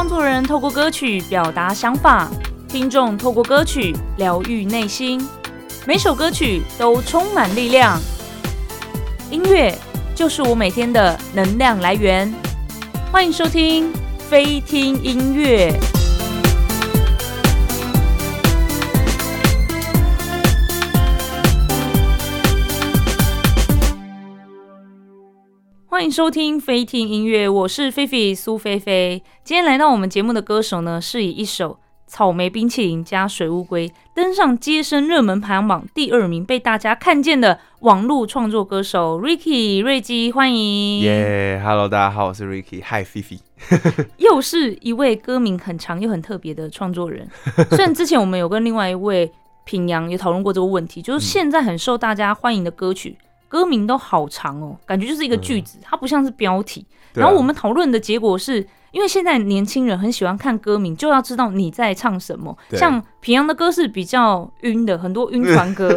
創作人透過歌曲表達想法，聽眾透過歌曲療癒內心。每首歌曲都充滿力量，音樂就是我每天的能量來源。歡迎收聽菲聽音樂。歡迎收聽菲聽音樂，我是菲菲蘇菲菲。今天來到我們節目的歌手呢，是以一首《草莓冰淇淋加水烏龜》登上街聲熱門排行榜第二名，被大家看見的網路創作歌手 RIKI 睿雞，歡迎。耶、yeah,，Hello，大家好，我是 RIKI。Hi，菲菲。又是一位歌名很長又很特別的創作人。雖然之前我們有跟另外一位平陽也討論過這個問題，就是現在很受大家歡迎的歌曲。歌名都好長哦，感覺就是一個句子，嗯、它不像是標題。嗯、然後我們討論的結果是、啊，因為現在年輕人很喜歡看歌名，就要知道你在唱什麼。像平陽的歌是比較暈的，很多暈船歌，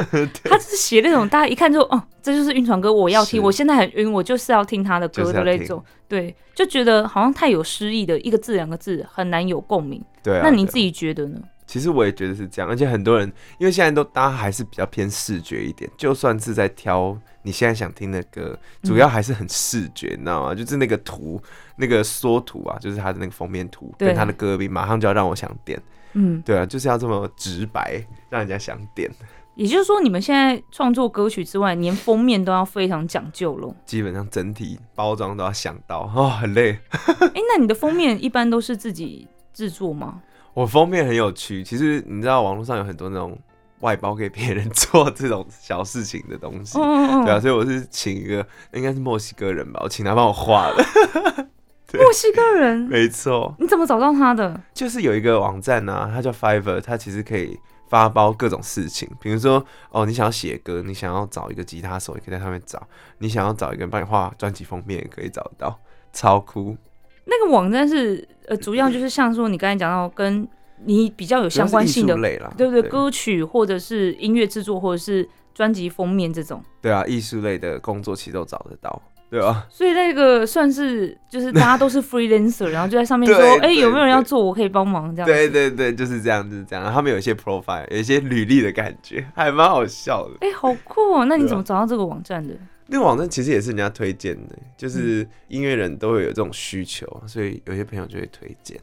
他就是寫那種大家一看就哦、嗯，這就是暈船歌，我要聽，我現在很暈，我就是要聽他的歌的那種。對，就覺得好像太有詩意的一個字兩個字很難有共鳴。對、啊，那你自己覺得呢？其實我也覺得是這樣，而且很多人因為現在都大家還是比較偏視覺一點，就算是在挑。你現在想聽的歌，主要還是很視覺，嗯、你知道嗎？就是那個圖，那個縮圖啊，就是他的那個封面圖跟他的歌名，馬上就要讓我想點。嗯，對啊，就是要這麼直白，讓人家想點。也就是說，你們現在創作歌曲之外，連封面都要非常講究了。基本上整體包裝都要想到哦，很累。哎、 欸，那你的封面一般都是自己製作嗎？我封面很有趣，其實你知道網絡上有很多那種。外包給別人做這種小事情的東西，oh, oh, oh. 對啊，所以我是請一個，應該是墨西哥人吧，我請他幫我畫的 。墨西哥人，沒錯。你怎麼找到他的？就是有一個網站啊，它叫 Fiverr，它其實可以發包各種事情，比如說哦，你想要寫歌，你想要找一個吉他手，也可以在上面找；你想要找一個人幫你畫專輯封面，也可以找到，超酷。那個網站是呃，主要就是像說你剛才講到跟。你比較有相關性的，類啦對不對？對，歌曲或者是音樂制作或者是專輯封面這種，對啊，藝術類的工作其實都找得到，對啊，所以那個算是就是大家都是 freelancer， 然後就在上面說，哎、欸，有沒有人要做？我可以幫忙，這樣子。對對對，就是這樣，就是這樣。他們有一些 profile，有一些履歷的感覺，還蠻好笑的。哎、欸，好酷啊、喔！那你怎麼找到這個網站的、啊？那個網站其實也是人家推薦的，就是音樂人都會有這種需求、嗯，所以有些朋友就會推薦。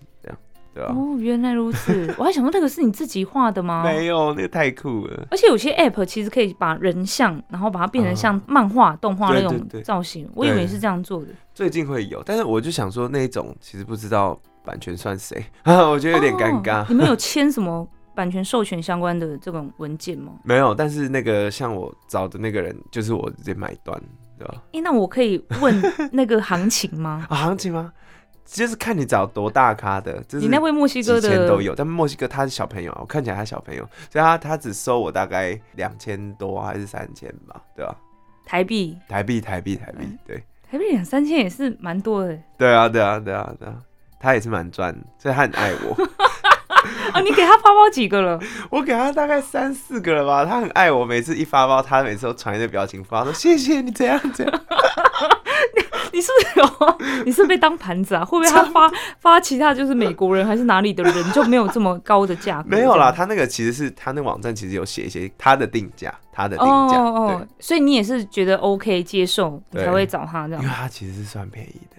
哦，原來如此！ 我還想說，那個是你自己畫的嗎？沒有，那個，太酷了。而且有些 app 其實可以把人像，然後把它變成像漫畫、動畫那種造型。哦，對對對，我以為是這樣做的。最近會有，但是我就想說，那種其實不知道版權算誰啊， 我覺得有點尷尬哦。你們有簽什麼版權授權相關的這種文件嗎？ 沒有，但是那個像我找的那個人，就是我直接買斷，對吧？哎、欸，那我可以問那個行情嗎？ 哦，行情嗎？就是看你找多大咖的，這、就是幾千都有，但墨西哥他是小朋友啊，我看起來他是小朋友，所以他他只收我大概兩千多還是三千吧，對吧、啊？台幣？台幣台幣台幣對。台幣兩三千也是蠻多的。對啊對啊對啊對啊，他也是蠻賺的，所以他很愛我。 啊，你給他發包幾個了？我給他大概三四個了吧，他很愛我，每次一發包，他每次都傳一個表情，發說謝謝你這樣這樣。 你是被當盤子啊？會不會他發發其他就是美國人還是哪裡的人就沒有這麼高的價格？ 沒有啦，他那個其實是他那網站其實有寫一些他的定價，他的定價。哦哦哦，所以你也是覺得 OK 接受才會找他這樣對，因為他其實是算便宜的。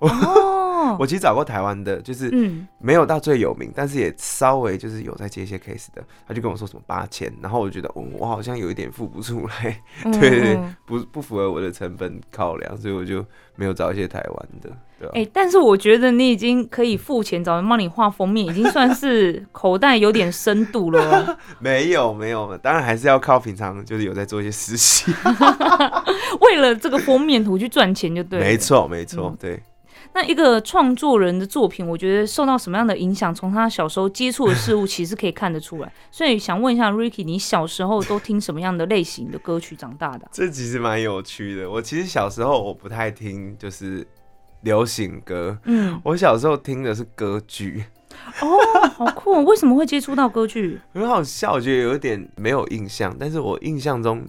哦， 我其實找過台灣的，就是沒有到最有名、嗯，但是也稍微就是有在接一些 case 的。他就跟我說什麼八千，然後我覺得我我好像有一點付不出來，嗯、對，對，對，不不符合我的成本考量，所以我就沒有找一些台灣的。對、啊，哎、欸，但是我覺得你已經可以付錢、嗯、找人幫你畫封面，已經算是口袋有點深度了。 沒有沒有，當然還是要靠平常就是有在做一些實習， 為了這個封面圖去賺錢就對了。沒錯沒錯、嗯，對。那一個創作人的作品，我覺得受到什麼樣的影響，從他小時候接觸的事物其實可以看得出來。 所以想問一下 Ricky，你小時候都聽什麼樣的類型 的歌曲長大的、啊？這其實蠻有趣的。我其實小時候我不太聽就是流行歌，嗯，我小時候聽的是歌劇。嗯、 哦，好酷、哦！為什麼會接觸到歌劇？ 很好笑，我覺得有一點沒有印象。但是我印象中，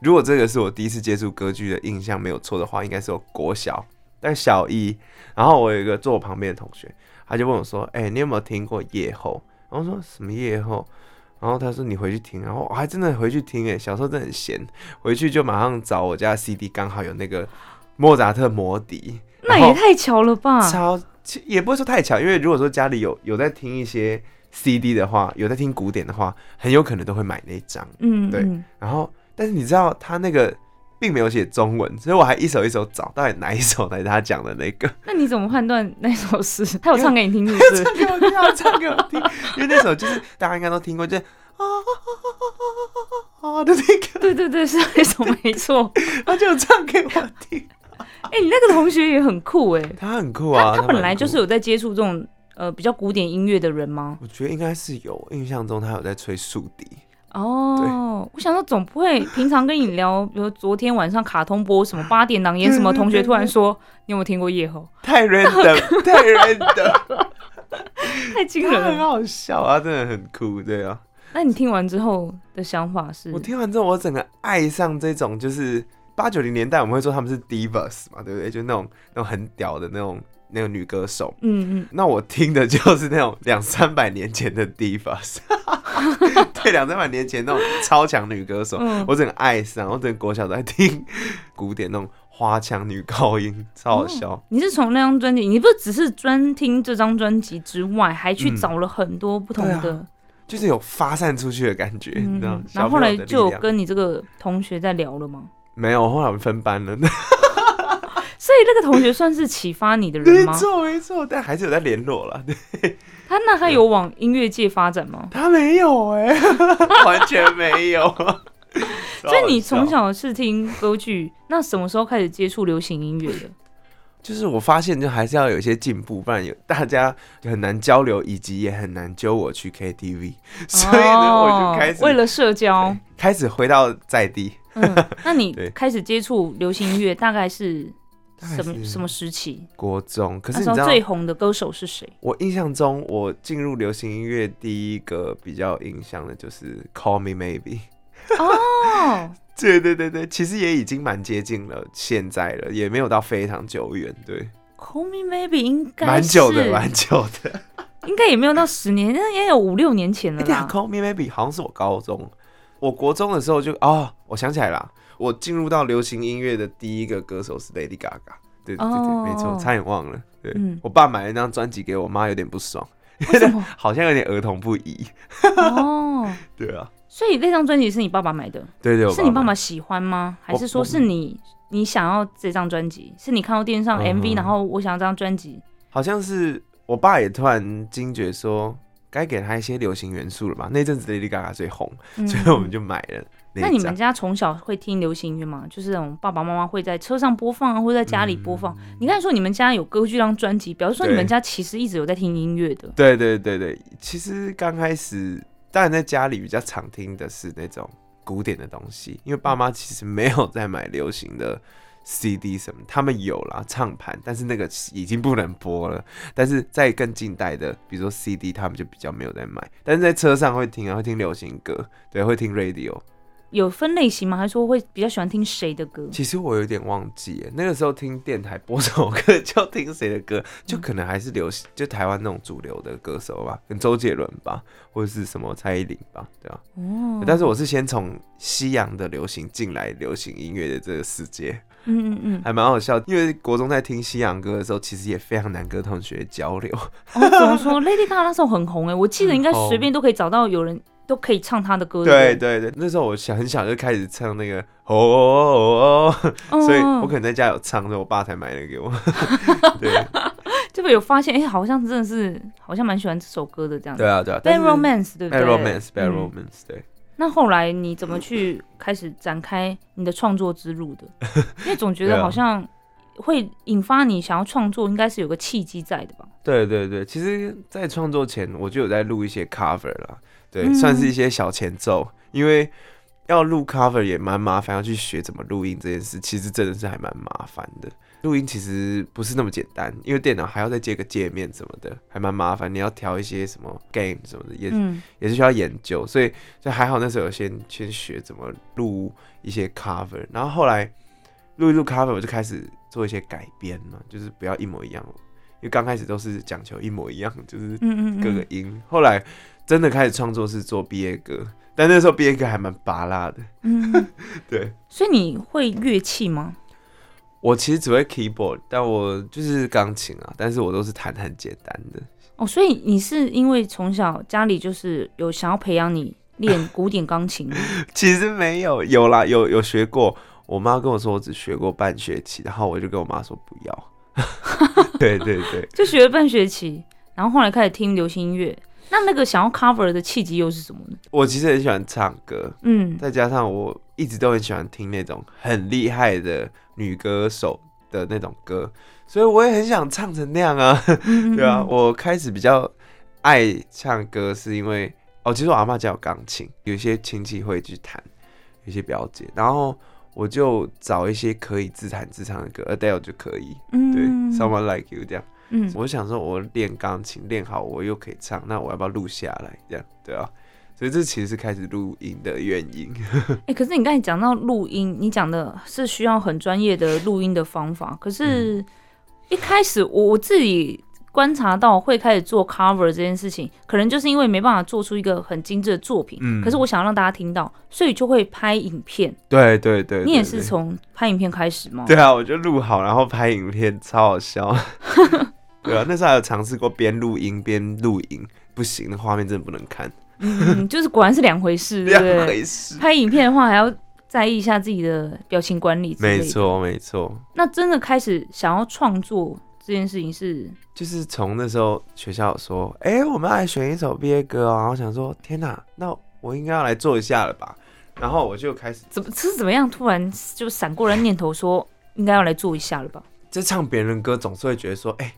如果這個是我第一次接觸歌劇的印象沒有錯的話，應該是我國小。在小一，然後我有一個坐我旁邊的同學，他就問我說：“哎、欸，你有沒有聽過夜後？” yeah, 然後我說什麼夜後？Yeah, 然後他說：“你回去聽。”然後我還、啊、真的回去聽、欸。哎，小時候真的很閒，回去就馬上找我家 CD，剛好有那個莫扎特魔笛。那也太巧了吧！巧，也不會說太巧，因為如果說家裡有有在聽一些 CD 的話，有在聽古典的話，很有可能都會買那張。嗯,嗯,嗯，對。然後，但是你知道他那個。並沒有寫中文，所以我還一首一首找，到底哪一首來他講的那個？那你怎麼判斷那首是？他有唱給你聽，有唱給我聽，因為那首就是大家應該都聽過，就啊啊啊啊啊啊啊的那個，對對對，是那首，沒錯。他就有唱給我聽。哎，你那個同學也很酷哎，他很酷啊他，他本來就是有在接觸這種 呃比較古典音樂的人嗎？我覺得應該是有，印象中他有在吹豎笛。哦、oh，我想說，總不會平常跟你聊，比如昨天晚上卡通播什麼，八點檔演什麼，同學突然說 你有沒有聽過夜後？太 random， 太 random， 太驚人，很好笑啊，真的很酷，對啊。那你聽完之後的想法是？我聽完之後，我整個愛上這種，就是八九零年代我們會說他們是 divas 嘛，對不對？就那種那種很屌的那種那個女歌手，嗯嗯。那我聽的就是那種兩三百年前的 divas。 對，兩三百年前那種超強女歌手， 嗯、我真愛上，我整個國小都在聽古典那種花腔女高音，超好笑。嗯、你是從那張專輯，你不是只是專聽這張專輯之外，還去找了很多不同的，嗯啊、就是有發散出去的感覺，嗯、你知道然後後，你然後後來就有跟你這個同學在聊了嗎？沒有，後來我們分班了。 所以那個同學算是啟發你的人嗎？ 沒錯，沒錯，但還是有在聯絡了。對他那他有往音樂界發展嗎？嗯、他沒有哎、欸，完全沒有。所以你從小是聽歌劇， 那什麼時候開始接觸流行音樂的？就是我發現，就還是要有一些進步，不然有大家很難交流，以及也很難揪我去 KTV、哦。所以呢，我就開始為了社交，開始回到在地。 嗯、那你開始接觸流行音樂大概是？什麼什麼時期？國中。可是你知道最紅的歌手是誰？我印象中，我進入流行音樂第一個比較有印象的就是《Call Me Maybe》。哦，對對對對，其實也已經蠻接近了現在了，也沒有到非常久遠。對，《Call Me Maybe》應該蠻久的，蠻久的 ，應該也沒有到十年，也有五六年前了吧？欸，對啊，《Call Me Maybe》好像是我高中，我國中的時候就哦，我想起來了。我進入到流行音樂的第一個歌手是 Lady Gaga，對對對、對，oh, 沒錯，差一點忘了。對、嗯、我爸買了一張專輯給我媽，有點不爽，為什麼？ 好像有點兒童不宜。哦、oh, 對啊。所以那張專輯是你爸爸買的？對對、對，是你爸爸喜歡嗎？還是說是你你想要這張專輯？是你看到電視上 MV，、嗯、然後我想要這張專輯。好像是我爸也突然驚覺說，該給他一些流行元素了吧？那陣子 Lady Gaga 最紅、嗯，所以我們就買了。那你們家從小會聽流行音樂嗎？就是那種爸爸媽媽會在車上播放啊，或者在家裡播放。嗯、你剛才說你們家有歌劇這專輯，表示說你們家其實一直有在聽音樂的。對對對對，其實剛開始當然在家裡比較常聽的是那種古典的東西，因為爸媽其實沒有在買流行的 CD 什麼，嗯、他們有啦，唱盤，但是那個已經不能播了。但是在更近代的，比如說 CD，他們就比較沒有在買。但是在車上會聽啊，會聽流行歌，對，會聽 radio。有分類型嗎？還是說會比較喜歡聽誰的歌？其實我有點忘記耶，那個時候聽電台播首歌，就要聽誰的歌，就可能還是流行，嗯、就台灣那種主流的歌手吧，跟周杰倫吧，或者是什麼蔡依林吧，對吧、啊。哦。但是我是先從西洋的流行進來流行音樂的這個世界，嗯嗯嗯，還蠻好笑，因為國中在聽西洋歌的時候，其實也非常難跟同學交流。怎麼、哦、說 Lady Gaga 那時候很紅，哎，我記得應該隨便都可以找到有人。都可以唱他的歌對對。對對對，那時候我小很小就開始唱那個哦、哦哦哦、哦、哦、哦、嗯、 所以我可能在家有唱，所以我爸才買了給我。 對，這 個有發現，哎、欸，好像真的是，好像蠻喜歡這首歌的這樣子。對啊對啊。Bad Romance，對不對？Bad Romance，Bad Romance，對、嗯。那後來你怎麼去開始展開你的創作之路的？因為總覺得好像會引發你想要創作，應該是有個契機在的吧？對對對，其實，在創作前我就有在錄一些 cover 啦。對，算是一些小前奏，嗯、因為要錄 cover 也蠻麻煩，要去學怎麼錄音這件事，其實真的是還蠻麻煩的。錄音其實不是那麼簡單，因為電腦還要再接個界面什麼的，還蠻麻煩。你要調一些什麼 game 什麼的，也、嗯、也是需要研究，所以就還好那時候有先先學怎麼錄一些 cover，然後後來錄一錄 cover，我就開始做一些改編嘛，就是不要一模一樣，因為剛開始都是講求一模一樣，就是各個音，嗯嗯嗯後來。真的開始創作是做畢業歌，但那時候畢業歌還蠻芭樂的。嗯， 對。所以你會樂器嗎？我其實只會 keyboard，但我就是鋼琴啊，但是我都是彈很簡單的。哦，所以你是因為從小家裡就是有想要培養你練古典鋼琴？ 其實沒有，有啦，有有學過。我媽跟我說，我只學過半學期，然後我就跟我媽說不要。 對對對，對， 就學了半學期，然後後來開始聽流行音樂。那那個想要 cover 的契機又是什麼呢？我其實很喜歡唱歌，嗯，再加上我一直都很喜歡聽那種很厲害的女歌手的那種歌，所以我也很想唱成那樣啊，嗯、 對啊。我開始比較愛唱歌，是因為哦，其實我阿媽家有鋼琴，有一些親戚會去彈，有些表姐，然後我就找一些可以自彈自唱的歌，Adele 就可以，對、嗯、，Someone Like You 這樣。嗯，我想說我練鋼，我練鋼琴練好，我又可以唱，那我要不要錄下來？這樣。對啊。所以這其實是開始錄音的原因。哎、 欸，可是你剛才講到錄音，你講的是需要很專業的錄音的方法。可是，一開始我我自己觀察到會開始做 cover 這件事情，可能就是因為沒辦法做出一個很精致的作品。嗯、可是我想讓大家聽到，所以就會拍影片。對對對，對，對，對，你也是從拍影片開始嗎？對啊，我就錄好，然後拍影片，超好笑。 對啊，那時候還有嘗試過邊錄音邊錄影，不行，那畫面真的不能看。 嗯，就是果然是兩回事，兩回事。拍影片的話還要在意一下自己的表情管理。沒錯，沒錯。那真的開始想要創作這件事情是？就是從那時候學校說，哎、欸，我們要來選一首畢業歌哦，然後想說，天哪、啊，那我應該要來做一下了吧？然後我就開始怎麼是怎麼樣突然就閃過了念頭說， 應該要來做一下了吧？這唱別人歌總是會覺得說，哎、欸。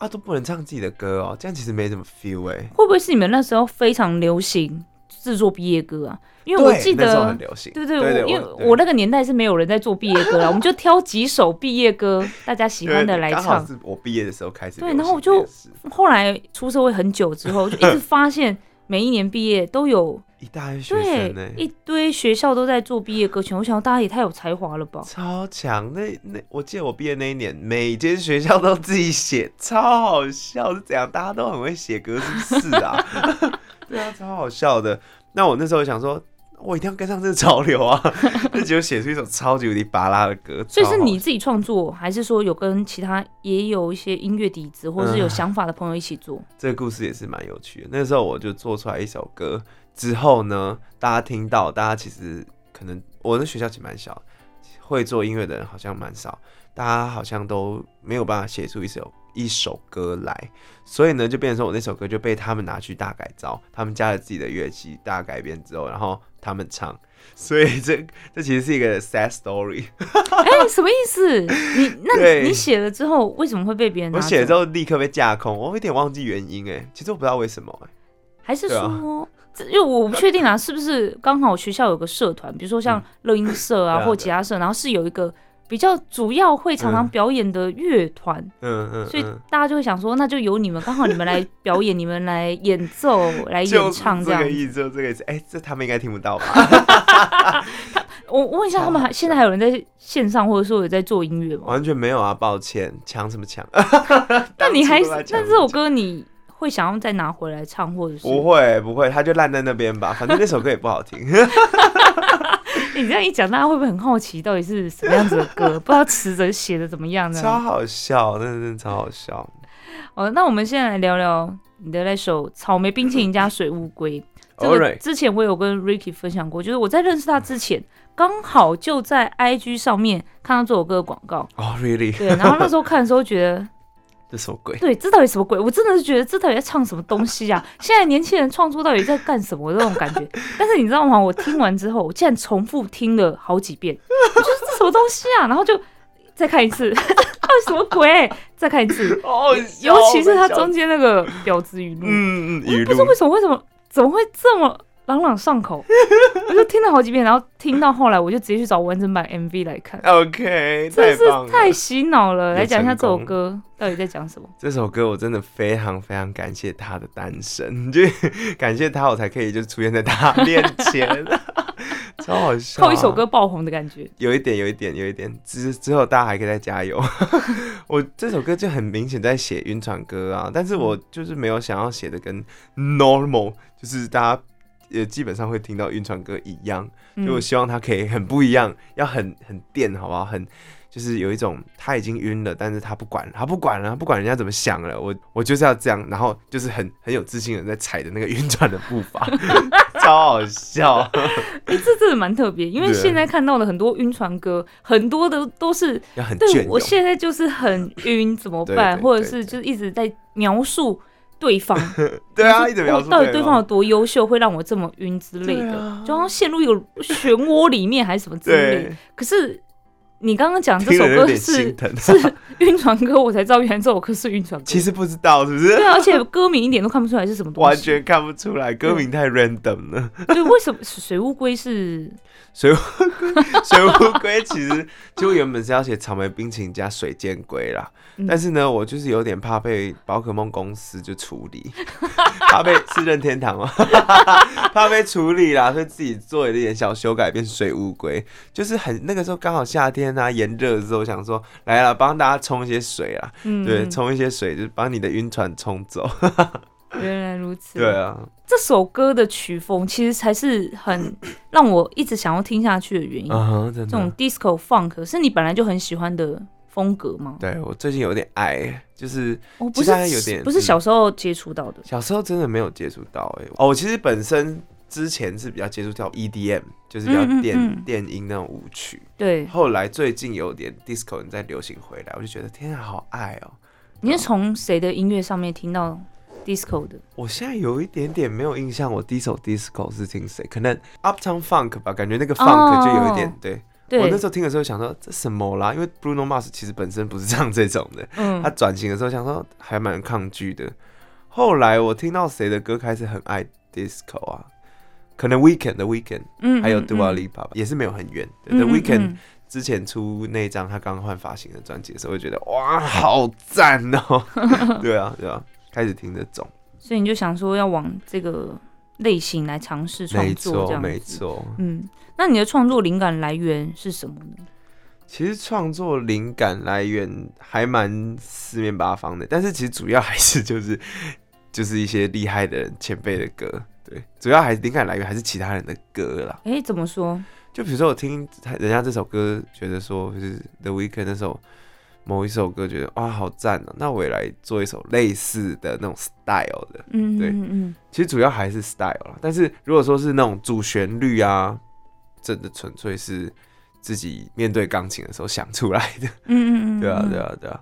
啊，都不能唱自己的歌哦，這樣其實沒什麼 feel 哎、欸。會不會是你們那時候非常流行制作畢業歌啊？因為我記得很流行。對對，對我，我對對對，因為我那個年代是沒有人在做畢業歌啦，我們就挑幾首畢業歌 大家喜歡的來唱。剛好是我畢業的時候開始。對，然後我就後來出社會很久之後， 就一直發現每一年畢業都有。一大堆學生呢、欸，一堆學校都在做畢業歌曲。我想大家也太有才華了吧？超強！那那我記得我畢業那一年，每間學校都自己寫，超好笑是怎樣？大家都很會寫歌是不是啊？ 對啊，超好笑的。那我那時候想說，我一定要跟上這潮流啊！結果寫出一首超級無敵巴拉的歌。所以是你自己創作，還是說有跟其他也有一些音樂底子或者有想法的朋友一起做？嗯、這個故事也是蠻有趣的。那時候我就做出來一首歌。之後呢，大家聽到，大家其實可能我的學校其實蠻小，會做音樂的人好像蠻少，大家好像都沒有辦法寫出一首一首歌來，所以呢，就變成說我那首歌就被他們拿去大改造，他們加了自己的樂器，大改編之後，然後他們唱，所以這這其實是一個 sad story，哎、 欸，什麼意思？你那你寫了之後，為什麼會被別人？我寫了之後立刻被架空，我有點忘記原因哎、欸，其實我不知道為什麼哎、欸啊，還是說？因為我不確定啊，是不是剛好學校有個社團，比如說像樂音社啊或其他社、嗯，然後是有一個比較主要會常常表演的樂團，嗯嗯，嗯，所以大家就會想說，那就由你們，剛好你們來表演， 你們來演奏、來演唱這樣。就是、這個意思，這個意思，哎、欸，這他們應該聽不到吧？ 我問一下，他們還現在還有人在線上，或者說有在做音樂嗎？完全沒有啊，抱歉，搶什麼搶？那 你還，那這首歌你。會想要再拿回來唱？或者是不會。不會，他就爛在那邊吧。反正那首歌也不好聽、 欸。你這樣一講，大家會不會很好奇，到底是什麼樣子的歌？ 不知道詞者寫的怎麼樣呢？超好笑，真的真的超好笑的。哦，那我們現在來聊聊你的那首《草莓冰淇淋加水烏龜》。哦， 之前我有跟 Ricky 分享過，就是我在認識他之前，剛 好就在 IG 上面看到這首歌的廣告。哦、oh, really? 對，然後那時候看的時候覺得。這什麼鬼？對，這到底什麼鬼？我真的是覺得這到底在唱什麼東西啊？ 現在年輕人創作到底在幹什麼這種感覺？但是你知道嗎？我聽完之後，我竟然重複聽了好幾遍，我覺得這是什麼東西啊？然後就再看一次，到底什麼鬼？再看一次。哦、 欸，oh, 尤其是他中間那個婊子語錄， 嗯，語錄，不知道為什麼？為什麼？怎麼會這麼？朗朗上口， 我就聽了好幾遍，然後聽到後來，我就直接去找完整版 MV 來看。OK，真是太洗腦了。來講一下這首歌到底在講什麼。這首歌我真的非常非常感謝他的單身，就感謝他，我才可以就出現在他面前， 超好笑啊。靠一首歌爆紅的感覺，有一點，有一點，有一點。之之後大家還可以再加油。 我這首歌就很明顯在寫暈船歌啊，但是我就是沒有想要寫的跟 normal，就是大家。也基本上會聽到暈船歌一樣，嗯，就我希望他可以很不一樣，要很很電，好不好？很就是有一種他已經暈了，但是他不管，他不管了，他不管人家怎麼想了，我我就是要這樣，然後就是很很有自信的在踩着那個暈船的步伐， 超好笑。 欸，這真的蠻特別，因為現在看到的很多暈船歌，很多的都是，要很對，我現在就是很暈怎麼辦，對對對對對，或者是就是一直在描述。對方 對啊，到底對方有多優秀、 啊，會讓我這麼暈之類的，啊、就好像陷入一個漩渦裡面，還是什麼之類的。 可是。你剛剛講這首歌是、啊、是暈船歌，我才知道原來這首歌是暈船歌。其實不知道是不是？對、啊，而且歌名一點都看不出來是什麼東西。 完全看不出來，歌名太 random 了。對，為什麼水烏龜是水烏龜？水烏龜其實就原本是要寫草莓冰淇淋加水箭龜啦，但是呢，我就是有點怕被寶可夢公司就處理，怕被是任天堂嗎？怕被處理啦，所以自己做了一點小修改，變成水烏龜。就是很那個時候剛好夏天。跟他炎熱的時候，我想說來了，幫大家沖一些水啊、嗯！對，沖一些水，就把你的暈船沖走。原來如此。 對啊，這首歌的曲風其實才是很讓我一直想要聽下去的原因啊、uh-huh,！真的。這種 disco funk 是你本來就很喜歡的風格嗎？對，我最近有點愛，就是我、oh, 不是有點是，不是小時候接觸到的，小時候真的沒有接觸到哎、欸。哦，我其實本身。之前是比較接觸跳 EDM，就是比較電、嗯嗯嗯、電音那種舞曲。對。後來最近有點 disco 再流行回來，我就覺得天啊好愛哦、喔！你是從誰的音樂上面聽到 disco 的、嗯？我現在有一點點沒有印象，我第一首 disco 是聽誰？可能 uptown funk 吧，感覺那個 funk、oh, 就有一點對。對。我那時候聽的時候想說這是什麼啦？因為 Bruno Mars 其實本身不是唱這種的，嗯、他轉型的時候想說還蠻抗拒的。後來我聽到誰的歌開始很愛 disco 啊？可能 Weekend 的 Weekend，嗯，嗯，嗯、還有 Dua Lipa 也是沒有很遠。那、嗯嗯嗯、Weekend 之前出那張他剛換髮型的專輯的時候，我覺得嗯嗯嗯嗯，哇，好讚哦、喔！ 對啊，對啊，開始聽得懂。所以你就想說要往這個類型來嘗試創作，這樣子。沒錯，沒錯。嗯，那你的創作靈感來源是什麼呢？其實創作靈感來源還蠻四面八方的，但是其實主要還是就是就是一些厲害的前輩的歌。對，主要還是靈感來源還是其他人的歌啦。哎、欸，怎麼說？就比如說我聽人家這首歌，覺得說就是 The Weeknd 那首某一首歌，覺得哇，好讚哦、啊。那我也來做一首類似的那種 style 的。嗯，嗯，對，嗯，其實主要還是 style 啦。但是如果說是那種主旋律啊，真的純粹是自己面對鋼琴的時候想出來的。嗯，嗯，嗯， 對啊，對啊，對啊。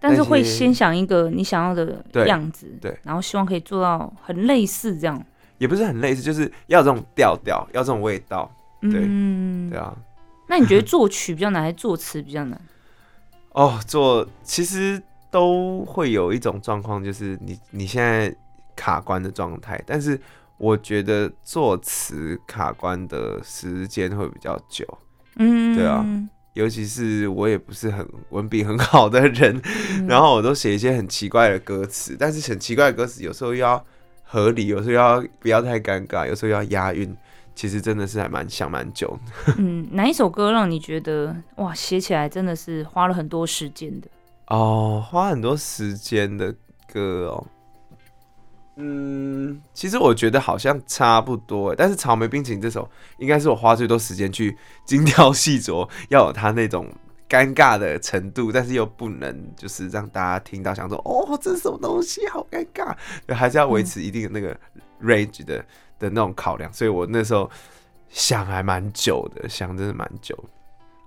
但是會先想一個你想要的樣子，對，對，然後希望可以做到很類似這樣，也不是很類似，就是要這種調調，要這種味道，嗯，對，對啊。那你覺得作曲比較難， 還是作詞比較難？哦，作其實都會有一種狀況，就是你你現在卡關的狀態，但是我覺得作詞卡關的時間會比較久，嗯，對啊。尤其是我也不是很文筆很好的人，嗯，然後我都寫一些很奇怪的歌詞，但是很奇怪的歌詞有時候又要合理，有時候要不要太尷尬，有時候要押韻，其實真的是還蠻想蠻久的。嗯，哪一首歌讓你覺得哇，寫起來真的是花了很多時間的？哦，花很多時間的歌哦。嗯，其實我覺得好像差不多，但是草莓冰淇淋這首應該是我花最多時間去精雕細琢，要有它那種尷尬的程度，但是又不能就是讓大家聽到想說哦，這是什麼東西好尷，好尷尬？還是要維持一定的那個 range 的的那種考量。所以我那時候想還蠻久的，想真的蠻久的。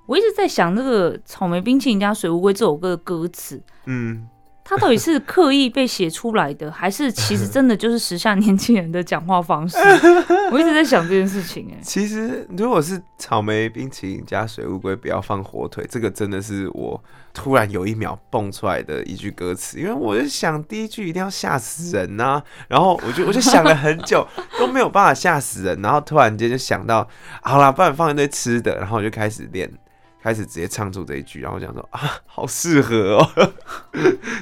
我一直在想那個草莓冰淇淋加水烏龜這首歌的歌詞，嗯。他到底是刻意被寫出來的，還是其實真的就是時下年輕人的講話方式？ 我一直在想這件事情哎、欸。其實如果是草莓冰淇淋加水烏龜，不要放火腿，這個真的是我突然有一秒蹦出來的一句歌詞，因為我就想第一句一定要嚇死人吶、啊。然後我就我就想了很久 都沒有辦法嚇死人，然後突然間就想到好了啦，不然放一堆吃的，然後我就開始練。開始直接唱出這一句，然後講說，啊，好適合哦，呵呵，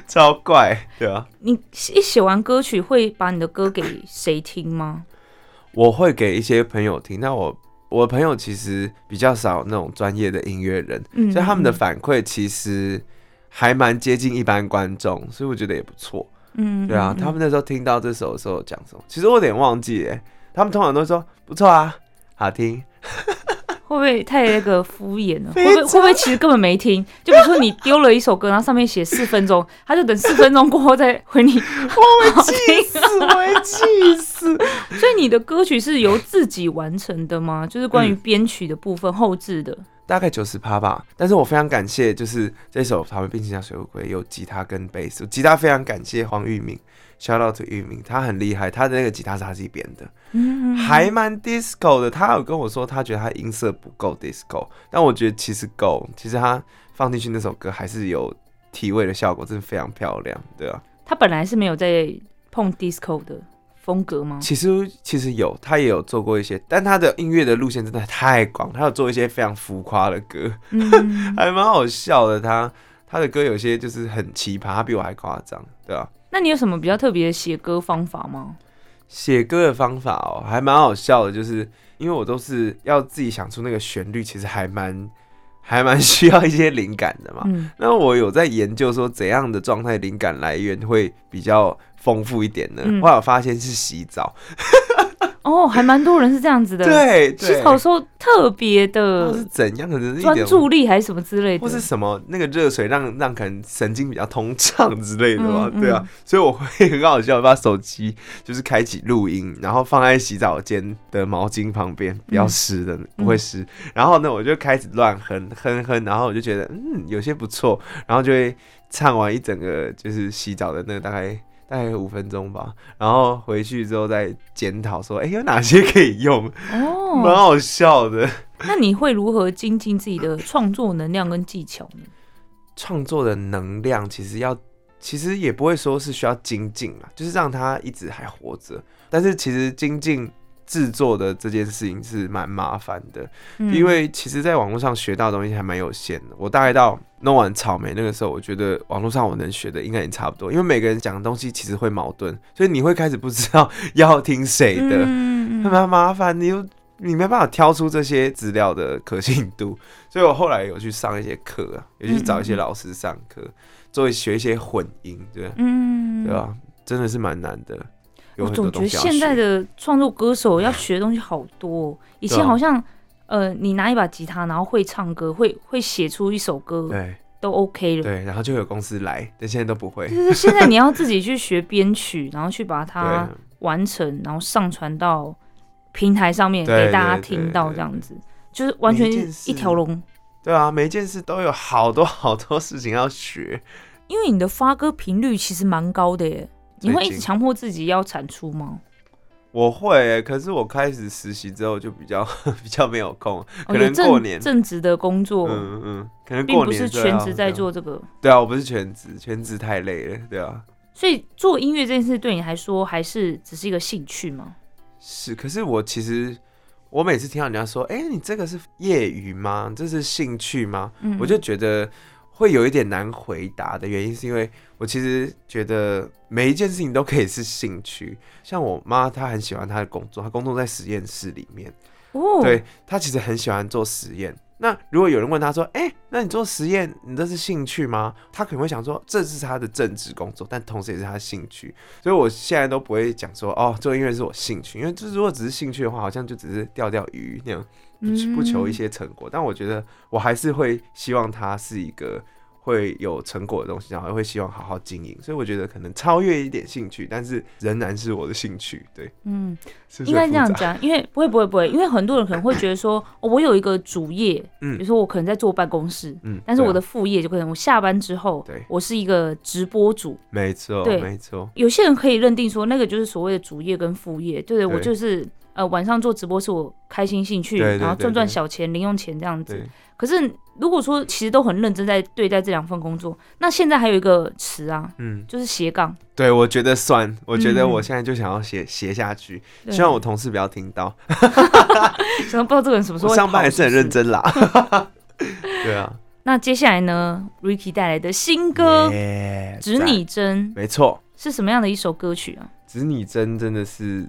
超怪，對啊。你一寫完歌曲，會把你的歌給誰聽嗎？ 我會給一些朋友聽，那我我的朋友其實比較少那種專業的音樂人，嗯嗯，所以他們的反饋其實還蠻接近一般觀眾，所以我覺得也不錯。嗯，對啊，嗯嗯嗯。他們那時候聽到這首的時候講什麼？其實我有點忘記耶。他們通常都說不錯啊，好聽。 會不會太那個敷衍了？會,不會會不會其實根本沒聽？ 就比如說你丟了一首歌，然後上面寫四分鐘， 他就等四分鐘過後再回你，啊、我會氣死，我會氣死。所以你的歌曲是由自己完成的嗎？就是關於編曲的部分，嗯、後製的大概九十趴吧。但是我非常感謝，就是這首《草莓冰淇淋加水烏龜》有吉他跟貝斯，吉他非常感謝黃玉明。Shout out to 俞明，他很厲害，他的那個吉他是他自己編的，嗯嗯嗯，還蠻 disco 的。他有跟我說，他覺得他音色不夠 disco，但我覺得其實夠，其實他放進去那首歌還是有提味的效果，真的非常漂亮，對吧、啊？他本來是沒有在碰 disco 的風格嗎？其實其實有，他也有做過一些，但他的音樂的路線真的太廣，他有做一些非常浮誇的歌，嗯嗯， 還蠻好笑的。他他的歌有些就是很奇葩，他比我還誇張，對吧、啊？那你有什麼比較特別的寫歌方法嗎？寫歌的方法哦，還蠻好笑的，就是因為我都是要自己想出那個旋律，其實還蠻還蠻需要一些靈感的嘛、嗯。那我有在研究說怎樣的狀態靈感來源會比較豐富一點呢？嗯、後來我發現是洗澡。 哦，還蠻多人是這樣子的， 對。洗澡時候特別的，是怎樣？可能專注力還是什麼之類的，不是什麼那個熱水讓讓可能神經比較通暢之類的嘛、嗯嗯。對啊，所以我會很好笑，我把手機就是開啟錄音，然後放在洗澡間的毛巾旁邊，不要濕。的、嗯、不會濕。然後呢，我就開始亂哼哼哼，然後我就覺得嗯有些不錯，然後就會唱完一整個就是洗澡的那個大概。大概五分鐘吧，然後回去之後再檢討說，哎、欸，有哪些可以用？哦，蠻好笑的。那你會如何精進自己的創作能量跟技巧呢？創作的能量其實要，其實也不會說是需要精進啦，就是讓它一直還活着。但是其實精進。製作的這件事情是蠻麻煩的、嗯，因為其實，在網絡上學到的東西還蠻有限的。我大概到弄完草莓那個時候，我覺得網絡上我能學的應該也差不多。因為每個人講的東西其實會矛盾，所以你會開始不知道要聽誰的，很、嗯、麻煩。你又你沒辦法挑出這些資料的可信度，所以我後來有去上一些課啊，有去找一些老師上課，作、嗯、為學一些混音，對、啊、嗯，對吧、啊？真的是蠻難的。我總覺得現在的創作歌手要學的東西好多喔，以前好像，呃，你拿一把吉他，然後會唱歌，會會寫出一首歌，對，都 OK 了，對，然後就有公司來，但現在都不會。就是現在你要自己去學編曲，然後去把它完成，然後上傳到平台上面給大家聽到，這樣子就是完全一條龍。對啊，每件事都有好多好多事情要學，因為你的發歌頻率其實蠻高的耶。你會一直強迫自己要產出嗎？我會、欸，可是我開始實習之後就比較比較沒有空，哦、可能正正職的工作，嗯嗯，可能過年並不是全職在做這個。對啊，對啊對啊我不是全職，全職太累了，對啊。所以做音樂這件事對你來說還是只是一個興趣嗎？是，可是我其實我每次聽到人家說，哎、欸，你這個是業餘嗎？這是興趣嗎？嗯、我就覺得。會有一點難回答的原因，是因為我其實覺得每一件事情都可以是興趣。像我媽，她很喜歡她的工作，她工作在實驗室裡面，對，她其實很喜歡做實驗。那如果有人問她說：“哎，那你做實驗，你這是興趣嗎？”她可能會想說：“這是她的正職工作，但同時也是她的興趣。”所以我現在都不會講說：“哦，做音樂是我興趣，因為這如果只是興趣的話，好像就只是釣釣魚那樣。”不不求一些成果、嗯，但我覺得我還是會希望它是一個會有成果的東西，然後會希望好好經營。所以我覺得可能超越一點興趣，但是仍然是我的興趣。對，嗯，是是應該這樣講，因為不會不會不會，因為很多人可能會覺得說， 哦、我有一個主業，嗯，比如說我可能在坐辦公室，嗯，但是我的副業就可能我下班之後，對，我是一個直播主，沒錯，對，沒錯，有些人可以認定說那個就是所謂的主業跟副業，對，對，對，對，我就是。呃，晚上做直播是我開心、興趣，對對對對，然後賺賺小錢對對對，零用錢這樣子。可是如果說其實都很認真在對待這兩份工作，那現在還有一個詞啊，嗯，就是斜槓。對，我覺得算，我覺得我現在就想要斜、嗯、斜下去，希望我同事不要聽到。哈哈哈哈，不知道這個人什麼時候，我上班還是很認真啦。哈 哈 對啊。那接下來呢，RIKI 帶來的新歌《指、yeah, 你針》沒錯，是什麼樣的一首歌曲啊？《指你針》真的是。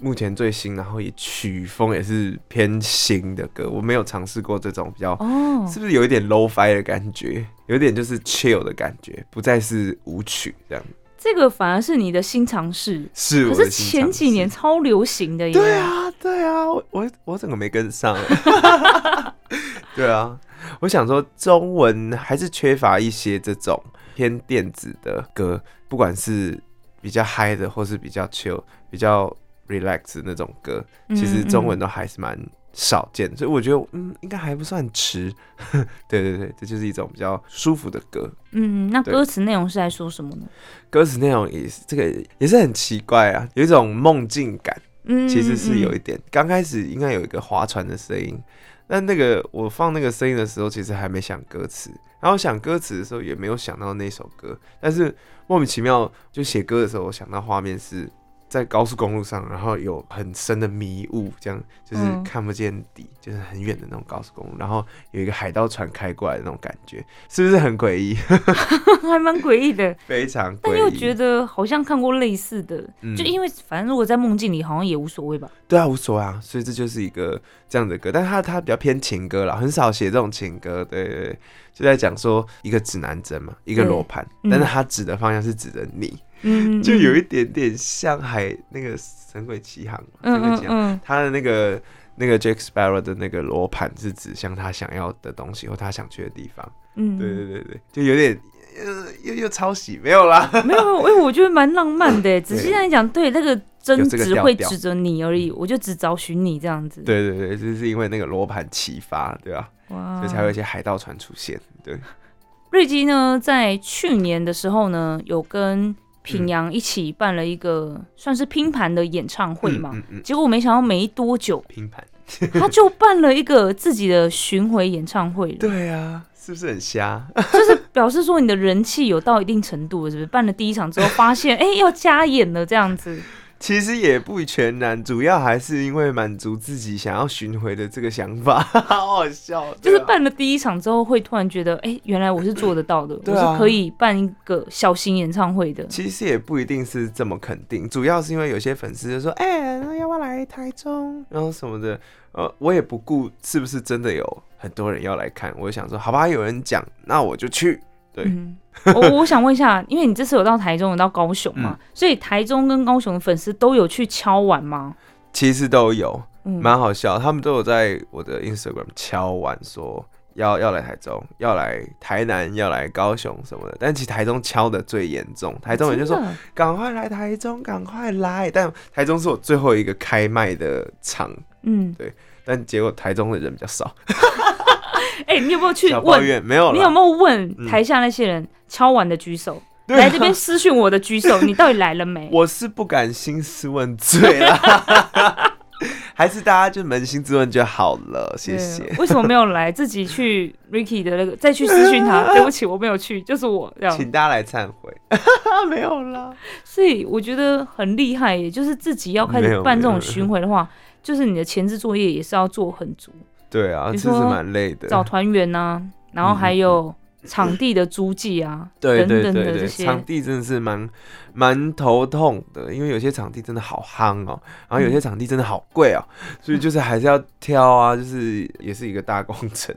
目前最新，然後也曲風也是偏新的歌，我沒有嘗試過這種比較，是不是有一點 lo-fi 的感覺，有點就是 chill 的感覺，不再是舞曲這樣子。這個反而是你的新嘗試，是我，可是前幾年超流行的。對啊，對啊，我我怎麼沒跟上？ 對啊，我想說中文還是缺乏一些這種偏電子的歌，不管是比較嗨的，或是比較 chill，比較。Relax 那種歌，其實中文都還是蠻少見，嗯嗯，所以我覺得嗯，應該還不算遲。對對對，這就是一種比較舒服的歌。嗯，那歌詞內容是在說什麼呢？歌詞內容也是這個也是很奇怪啊，有一種夢境感。嗯，其實是有一點。剛、嗯嗯嗯、開始應該有一個划船的聲音，但那個我放那個聲音的時候，其實還沒想歌詞。然後想歌詞的時候，也沒有想到那首歌，但是莫名其妙就寫歌的時候，我想到畫面是在高速公路上，然後有很深的迷霧，這樣就是看不見底，嗯、就是很遠的那種高速公路。然後有一個海盜船開過來的那種感覺，是不是很詭異？ 還蠻詭異的，非常。但又覺得好像看過類似的，嗯、就因為反正如果在夢境裡，好像也無所謂吧。對啊，無所謂啊。所以這就是一個這樣的歌，但是他他比較偏情歌了，很少寫這種情歌。對，對，對，就在講說一個指南針嘛，一個羅盤、嗯，但是他指的方向是指的你。嗯，就有一點點像海那個神、嗯《神鬼奇航》嗯，嗯，他的那個、嗯、那個 Jack Sparrow 的那個羅盤是指向他想要的東西或他想去的地方。嗯，對對對對，就有點呃又又抄襲沒有啦，沒有，沒有，因、欸、為我覺得蠻浪漫的。 仔細來講，對那個針只會指着你而已、嗯，我就只找尋你這樣子。對對對，就是因為那個羅盤啟發，對吧、啊？哇，所以才有一些海盜船出現。對，睿雞呢，在去年的時候呢，有跟。平陽一起辦了一個算是拼盤的演唱會嘛，嗯嗯嗯嗯、結果我沒想到沒多久，拼盤 他就辦了一個自己的巡迴演唱會了。對啊，是不是很瞎？ 就是表示說你的人氣有到一定程度了，是不是？辦了第一場之後，發現哎要、 欸、加演了這樣子。其實也不全然，主要還是因為滿足自己想要巡回的這個想法。 好好笑，啊，就是辦了第一場之後，會突然覺得，哎，欸，原來我是做得到的， 啊，我是可以辦一個小型演唱會的。其實也不一定是這麼肯定，主要是因為有些粉絲就說，哎，欸，那要不要來台中？然後什麼的，呃，我也不顧是不是真的有很多人要來看，我想說，好吧，有人講，那我就去。對，嗯、我我想問一下， 因為你這次有到台中，有到高雄嘛？嗯、所以台中跟高雄的粉絲都有去敲碗嗎？其實都有，蠻好笑、嗯，他們都有在我的 Instagram 敲碗說要要來台中，要來台南，要來高雄什麼的。但其實台中敲的最嚴重，台中人就說趕快來台中，趕快來。但台中是我最後一個開麥的場，嗯，對。但結果台中的人比較少。 哎、欸，你有沒有去問有？你有沒有問台下那些人？敲完的舉手，啊、來這邊私訊我的舉手， 你到底來了沒？我是不敢興師問罪啊， 還是大家就捫心自問就好了，謝謝。為什麼沒有來？自己去 Ricky 的那個，再去私訊他。 對不起，我沒有去，就是我這樣，請大家來懺悔， 沒有啦。所以我覺得很厲害，也就是自己要開始辦這種巡迴的話沒有沒有，就是你的前置作業也是要做很足。對啊，其實蠻累的。找團員吶、啊，然後還有場地的租借啊 等等的這些，對對對對，場地真的是蠻蠻頭痛的，因為有些場地真的好夯哦，然後有些場地真的好貴哦，嗯、所以就是還是要挑啊、嗯，就是也是一個大工程。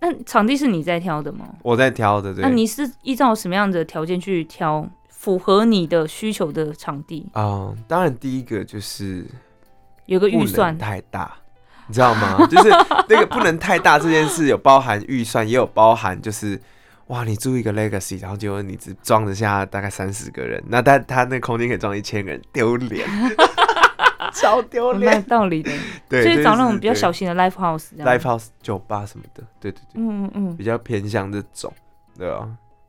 那、嗯、場地是你在挑的嗎？我在挑的對。那你是依照什麼樣的條件去挑符合你的需求的場地？啊、嗯，當然第一個就是有個預算不能太大。你知道嗎？ 就是那個不能太大這件事， 有包含預算，也有包含就是，哇，你租一個 Legacy，然後結果你只裝得下大概三十個人，那他他那空間可以裝一千個人，丟臉， 超丟臉，有道理的。對，所以找那種比較小型的 life house，life house 酒吧、就是、什麼的，對對對，嗯嗯嗯，比較偏向這種，對啊。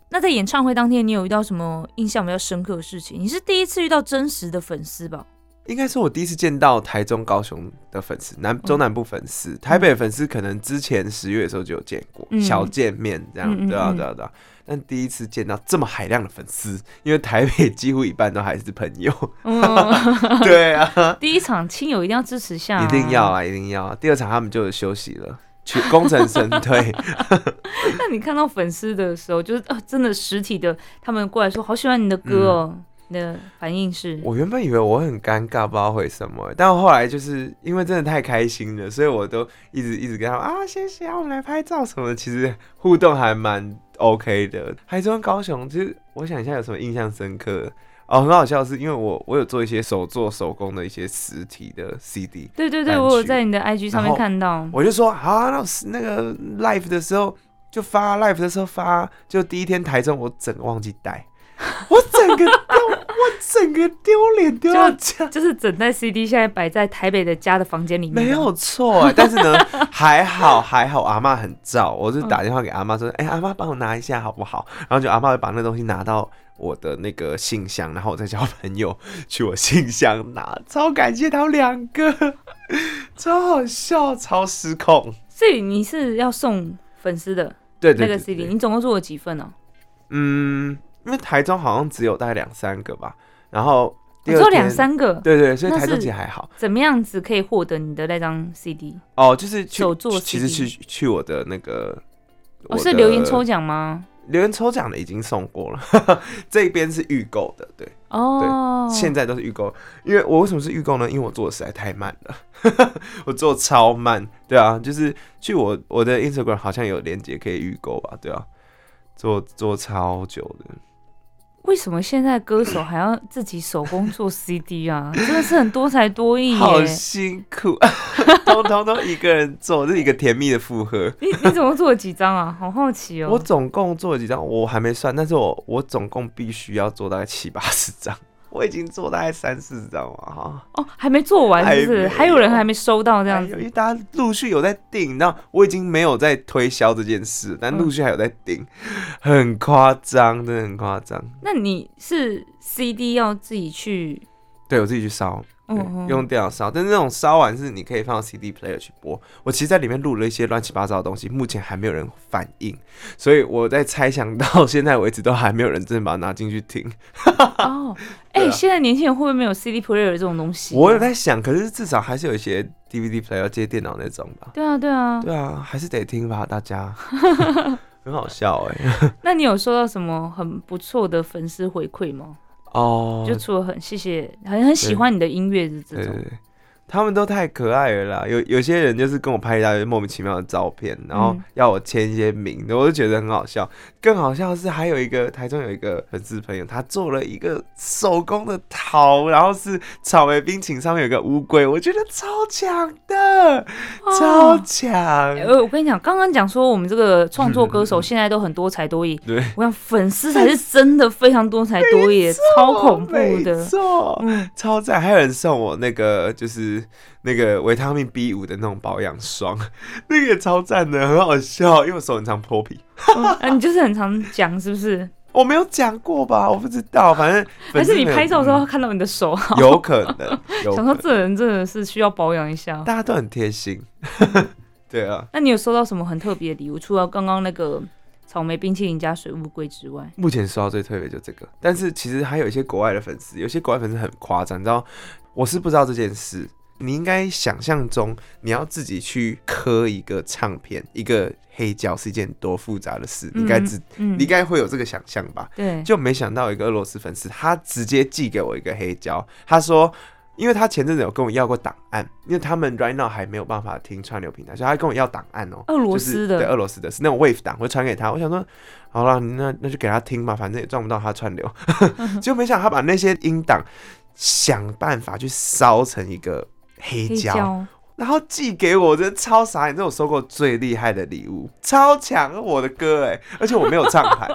那在演唱會當天，你有遇到什麼印象比較深刻的事情？你是第一次遇到真實的粉絲吧？應該是我第一次見到台中、高雄的粉絲，南中南部粉絲、嗯，台北粉絲可能之前十月的時候就有見過、嗯、小見面這樣，嗯、對啊、對啊、對啊，對啊，對啊。但第一次見到這麼海量的粉絲，因為台北幾乎一半都還是朋友，嗯、呵呵對啊。第一場親友一定要支持下、啊，一定要啊，一定要、啊。第二場他們就休息了，去功成身退。那、嗯、 你看到粉絲的時候，就是、啊、真的實體的，他們過來說好喜歡你的歌哦。嗯的反應是，我原本以為我很尷尬，不知道會什麼，但我後來就是因為真的太開心了，所以我都一直一直跟他說啊謝謝啊，我們來拍照什麼的，其實互動還蠻 OK 的。台中高雄，其實我想一下有什麼印象深刻哦，很好笑，是因為我我有做一些手做手工的一些實體的 CD。對對對，我有在你的 IG 上面看到，我就說啊，那那個 live 的時候就發 live 的時候發，就第一天台中我整個忘記帶， 我整個。我整個丟臉丟到家，就是整袋 CD 現在擺在台北的家的房間裡面，沒有錯、欸。但是呢，還 好還好，還好阿媽很燥，我就打電話給阿媽說：“哎、嗯欸，阿媽幫我拿一下好不好？”然後就阿媽會把那東西拿到我的那個信箱，然後我再交朋友去我信箱拿。超感謝他們兩個，超好笑，超失控。所以你是要送粉絲的，對，對，對，對，對那個 CD，你總共做了幾份呢、哦？嗯。因為台中好像只有大概兩三個吧，然後你說兩三個，對對、對，所以台中其實還好。怎麼樣子可以獲得你的那張 CD？哦，就是去，其實去去我的那個，哦、我是留言抽獎嗎？留言抽獎的已經送過了，呵呵這邊是預購的，對哦，Oh. 對，現在都是預購，因為我為什麼是預購呢？因為我做的實在太慢了呵呵，我做超慢，對啊，就是去我我的 Instagram 好像有連結可以預購吧，對啊，做做超久的。為什麼現在歌手還要自己手工做 CD 啊？ 真的是很多才多藝，好辛苦，通通都一個人做， 是一個甜蜜的負荷。 你你怎麼做了幾張啊？好好奇哦。我總共做了幾張，我還沒算，但是我我總共必須要做大概七八十張。我已經做大概三四張了哈。哦，還沒做完是不是？還有人還沒收到這樣子？因為大家陸續有在訂，你知道？那我已經沒有在推銷這件事，但陸續還有在訂、嗯，很誇張，真的很誇張。那你是 CD 要自己去對？對我自己去燒。嗯、用電腦燒，但是那種燒完是你可以放 CD player 去播。我其實在裡面錄了一些亂七八糟的東西，目前還沒有人反應，所以我在猜想到現在為止都還沒有人真的把它拿進去聽。哦，哎、 啊欸，現在年輕人會不會沒有 CD player 這種東西、啊？我有在想，可是至少還是有一些 DVD player 接電腦那種吧。對啊，對啊，對啊，還是得聽吧，大家。 很好笑哎、欸， 那你有收到什麼很不錯的粉絲回饋嗎？哦、uh，就除了很謝謝，很很喜歡你的音樂，是這種。對對對對他們都太可愛了啦，有有些人就是跟我拍一大堆莫名其妙的照片，然後要我簽一些名、嗯，我就覺得很好笑。更好笑是，還有一個台中有一個粉絲朋友，他做了一個手工的桃，然後是草莓冰淇淋，上面有個烏龜，我覺得超強的，超強。呃、欸欸，我跟你講，剛剛講說我們這個創作歌手現在都很多才多藝、嗯，對，我想粉絲才是真的非常多才多藝，超恐怖的，沒錯，超讚。還有人送我那個就是。那個維他命 B 五的那種保養霜，那個也超讚的，很好笑，因為我手很常破皮。嗯啊、你就是很常講，是不是？ 我沒有講過吧，我不知道，反正。但是你拍照的時候看到你的手好 有，有可能，想說這個人真的是需要保養一下。大家都很貼心， 對啊。那你有收到什麼很特別的禮物？除了剛剛那個草莓冰淇淋加水烏龜之外，目前收到最特別就這個。但是其實還有一些國外的粉絲，有些國外粉絲很誇張，你知道，我是不知道這件事。你應該想象中，你要自己去刻一個唱片、一個黑膠是一件多複雜的事，你應該知，你應該、嗯、會有這個想象吧？對，就沒想到一個俄羅斯粉絲，他直接寄給我一個黑膠，他說，因為他前陣子有跟我要過檔案，因為他們 right now 還沒有辦法聽串流平台，所以他跟我要檔案哦、喔，俄羅斯的，就是、對俄羅斯的是那種 wave 檔，會傳給他。我想說，好了，那那就給他聽吧，反正也賺不到他串流。 就沒想到他把那些音檔想辦法去燒成一個。黑膠，然後寄給我，真的超傻眼！你這我收過最厲害的禮物，超強我的歌哎，而且我沒有唱盤，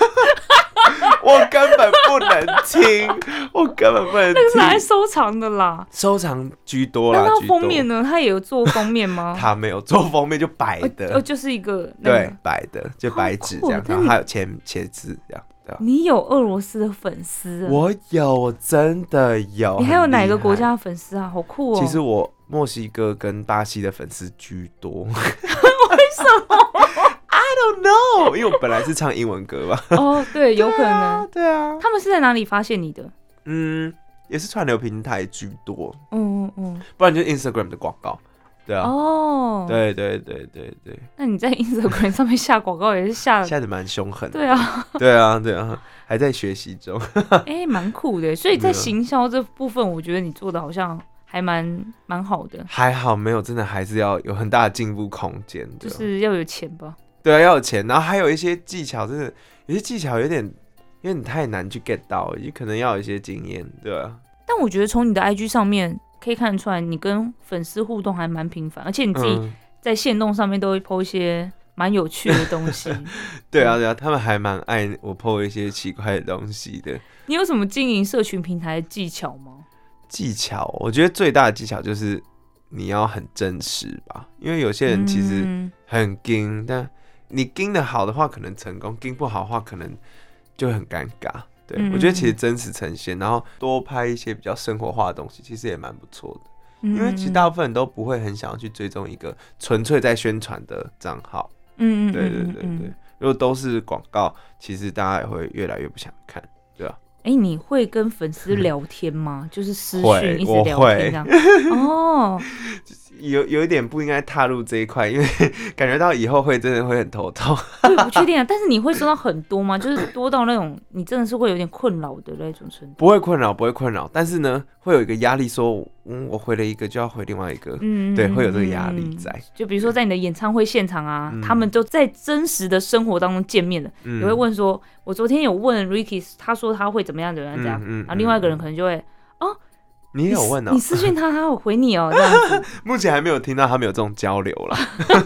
我根本不能聽，我根本不能聽。那個是來收藏的啦，收藏居多啦。那封面呢？他也有做封面嗎？他 沒有做封面，就白的、呃呃，就是一個對白的，就白紙這樣，然後還有簽簽字這樣。你有俄羅斯的粉絲？我有，真的有。你還有哪個國家的粉絲啊？好酷哦！其實我墨西哥跟巴西的粉絲居多。 為什麼？I don't know，因為我本來是唱英文歌吧。哦、oh，對，有可能。對啊。對啊。他們是在哪裡發現你的？嗯，也是串流平台居多。嗯，嗯嗯。不然就是 Instagram 的廣告。對啊、哦，對對對對對，對，那你在 Instagram 上面下廣告也是下 下得蠻凶狠的。對啊，對啊，對啊，還在學習中，哎、 欸，蠻酷的。所以在行銷這部分，我覺得你做的好像還蠻蠻好的。還好沒有，真的還是要有很大的進步空間啊。就是要有錢吧？對啊，要有錢，然後還有一些技巧，真的有些技巧有點，因為你太難去 get 到，也可能要有一些經驗，對啊，但我覺得從你的 IG 上面可以看出來，你跟粉絲互動還蠻頻繁，而且你自己在限動上面都會 PO 一些蠻有趣的東西。 對啊，對啊，他們還蠻愛我 PO 一些奇怪的東西的。你有什麼經營社群平台的技巧嗎？技巧，我覺得最大的技巧就是你要很真實吧，因為有些人其實很盯、嗯，但你盯得好的話可能成功，盯不好的話可能就很尷尬。對，mm -hmm. 我覺得其實真實呈現，然後多拍一些比較生活化的東西，其實也蠻不錯的。Mm -hmm. 因為其實大部分人都不會很想要去追蹤一個純粹在宣傳的賬號。嗯、mm -hmm. 對對對對，mm -hmm. 如果都是廣告，其實大家也會越來越不想看。哎、欸，你會跟粉絲聊天嗎？嗯、就是私訊，一直聊天這樣。哦， 有有一點不應該踏入這一塊，因為感覺到以後會真的會很頭痛。對，不確定啊。 但是你會收到很多嗎？就是多到那種你真的是會有點困擾的那種程度。不會困擾，不會困擾。但是呢，會有一個壓力說我。嗯，我回了一個就要回另外一個，嗯、對、嗯，會有這個壓力在。就比如說在你的演唱會現場啊，他們都在真實的生活當中見面了，你、嗯、會問說，我昨天有問 RIKI，他說他會怎麼樣怎麼樣這樣，怎樣、嗯，然後另外一個人可能就會，哦、嗯。嗯啊嗯嗯啊你也有問、啊你？你私信他，他會回你哦、喔。這樣子， 目前還沒有聽到他們有這種交流啦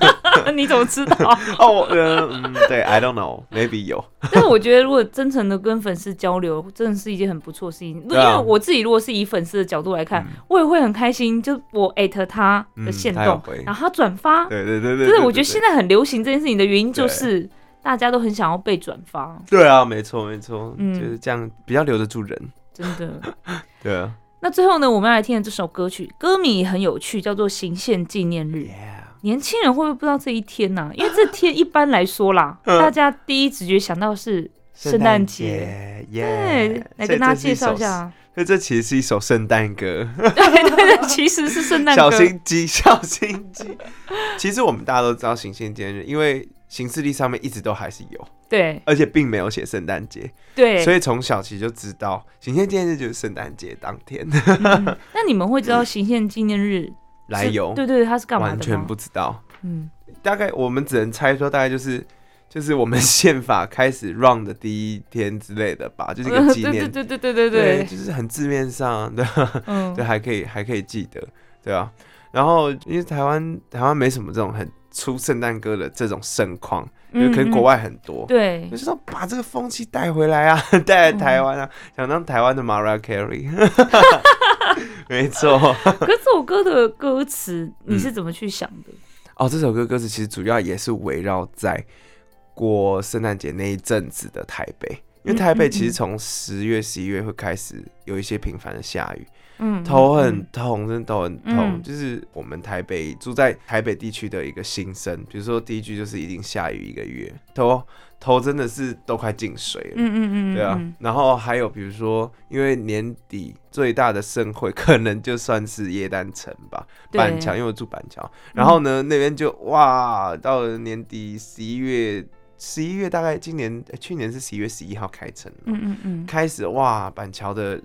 你怎麼知道？哦，嗯，對，I don't know，maybe 有 。但是我覺得，如果真誠的跟粉絲交流，真的是一件很不錯的事情、啊。因為我自己如果是以粉絲的角度來看、嗯，我也會很開心。就我 at 他的限動、嗯，然後他轉發。對對對對。就是我覺得現在很流行這件事情的原因，就是大家都很想要被轉發對。對啊，沒錯沒錯、嗯，就是這樣，比較留得住人。真的。 對啊。那最後呢，我們要來聽的這首歌曲，歌名也很有趣，叫做《行憲紀念日》。Yeah. 年輕人會不會不知道這一天呢、啊？因為這天一般來說啦，大家第一直覺想到是聖誕節。對，yeah. 來跟大家介紹一下。所以這，這其實是一首聖誕歌。對對，對，對其實是聖誕歌。小心機，小心機。其實我們大家都知道行憲紀念日，因為。行事曆上面一直都還是有，對，而且並沒有寫聖誕節，對，所以從小其實就知道行憲紀念日就是聖誕節當天、嗯呵呵。那你們會知道行憲紀念日來、嗯、由？對對對，他是幹嘛的嗎？完全不知道。嗯，大概我們只能猜說，大概就是就是我們憲法開始 run 的第一天之類的吧，就是一個紀念、嗯。對對對對對對,對，就是很字面上，對，嗯、對還可以還可以記得，對啊。然後因為台灣台灣沒什麼這種很。出聖誕歌的這種盛況，因、嗯、為可能國外很多，對，就是說把這個風氣帶回來啊，帶來台灣啊、哦，想當台灣的 Mariah Carey， 沒錯。可這首歌的歌詞、嗯、你是怎麼去想的？哦，這首歌歌詞其實主要也是圍繞在過聖誕節那一陣子的台北，因為台北其實從十月十一月會開始有一些頻繁的下雨。嗯，頭很痛、嗯嗯，真的頭很痛。嗯、就是我們台北住在台北地區的一個心聲，比如說第一句就是一定下雨一個月，頭頭真的是都快進水了。嗯嗯嗯，對啊。然後還有比如說，因為年底最大的盛會可能就算是耶誕城吧，嗯、板橋因為我住板橋。然後呢，嗯、那邊就哇，到了年底十一月，十一月大概今年、欸、去年是十一月十一號開城。嗯嗯嗯，開始哇，板橋的。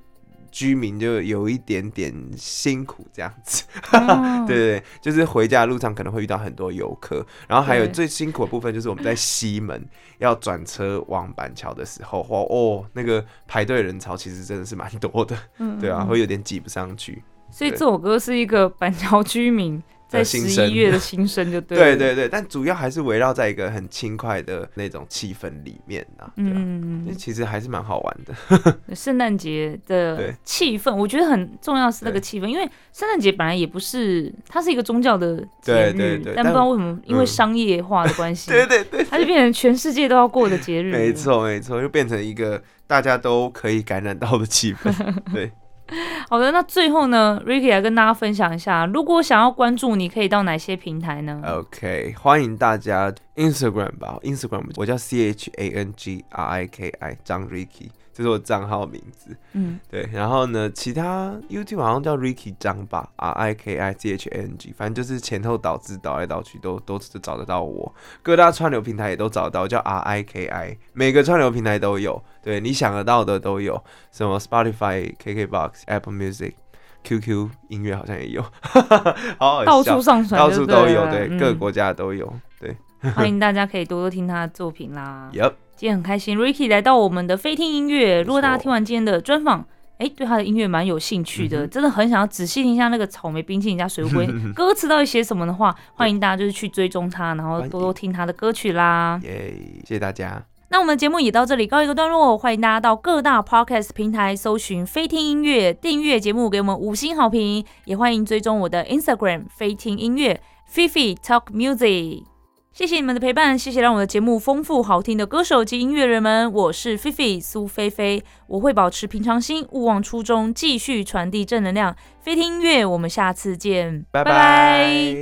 居民就有一點點辛苦，這樣子，oh. 對,對對，就是回家的路上可能會遇到很多遊客，然後還有最辛苦的部分就是我們在西門要轉車往板橋的時候，哦，那個排隊人潮其實真的是蠻多的，mm-hmm. 對啊，會有點擠不上去，所以這首歌是一個板橋居民。在十一月的新生就對 對對，對但主要還是圍繞在一個很輕快的那種氣氛裡面，啊啊，嗯，其實還是蠻好玩的。聖誕節的氣氛，我覺得很重要的是那個氣氛，因為聖誕節本來也不是，它是一個宗教的節日對對對，但不知道為什麼，因為商業化的關係，嗯， 對對對，對，它就變成全世界都要過的節日。沒錯沒錯，就變成一個大家都可以感染到的氣氛，對。 好的，那最後呢，RIKI 來跟大家分享一下，如果想要關注，你可以到哪些平台呢？OK，歡迎大家。Instagram 吧，Instagram 我叫 C H A N G R I K I 張 Ricky，這、就是我賬號名字。嗯，對。然後呢，其他 YouTube 好像叫 Ricky 張吧，R I K I C H A N G，反正就是前後倒置，倒來倒去都都，都找得到我。各大串流平台也都找到，叫 R I K I，每個串流平台都有。對，你想得到的都有，什麼 Spotify、KKBox、Apple Music、QQ 音樂好像也有，哈 哈，好好笑，到處上傳，到處都有，對，嗯、各個國家都有。 歡迎大家可以多多聽他的作品啦。Yep，今天很開心，RIKI 來到我們的菲聽音樂。如果大家聽完今天的專訪，哎、欸，對他的音樂蠻有興趣的、嗯，真的很想要仔細聽一下那個草莓冰淇淋加水烏龜 歌詞到底寫什麼的話， 歡迎大家就是去追蹤他，然後多多聽他的歌曲啦。耶、yeah.，謝謝大家。那我們的節目也到這裡告一個段落，歡迎大家到各大 podcast 平台搜尋菲聽音樂，訂閱節目給我們五星好評，也歡迎追蹤我的 Instagram 菲聽音樂 Fifi Talk Music。謝謝你們的陪伴，謝謝讓我的節目豐富好聽的歌手及音樂人們，我是菲菲蘇菲菲，我會保持平常心，勿忘初衷，繼續傳遞正能量。菲聽音樂，我們下次見，拜拜。Bye bye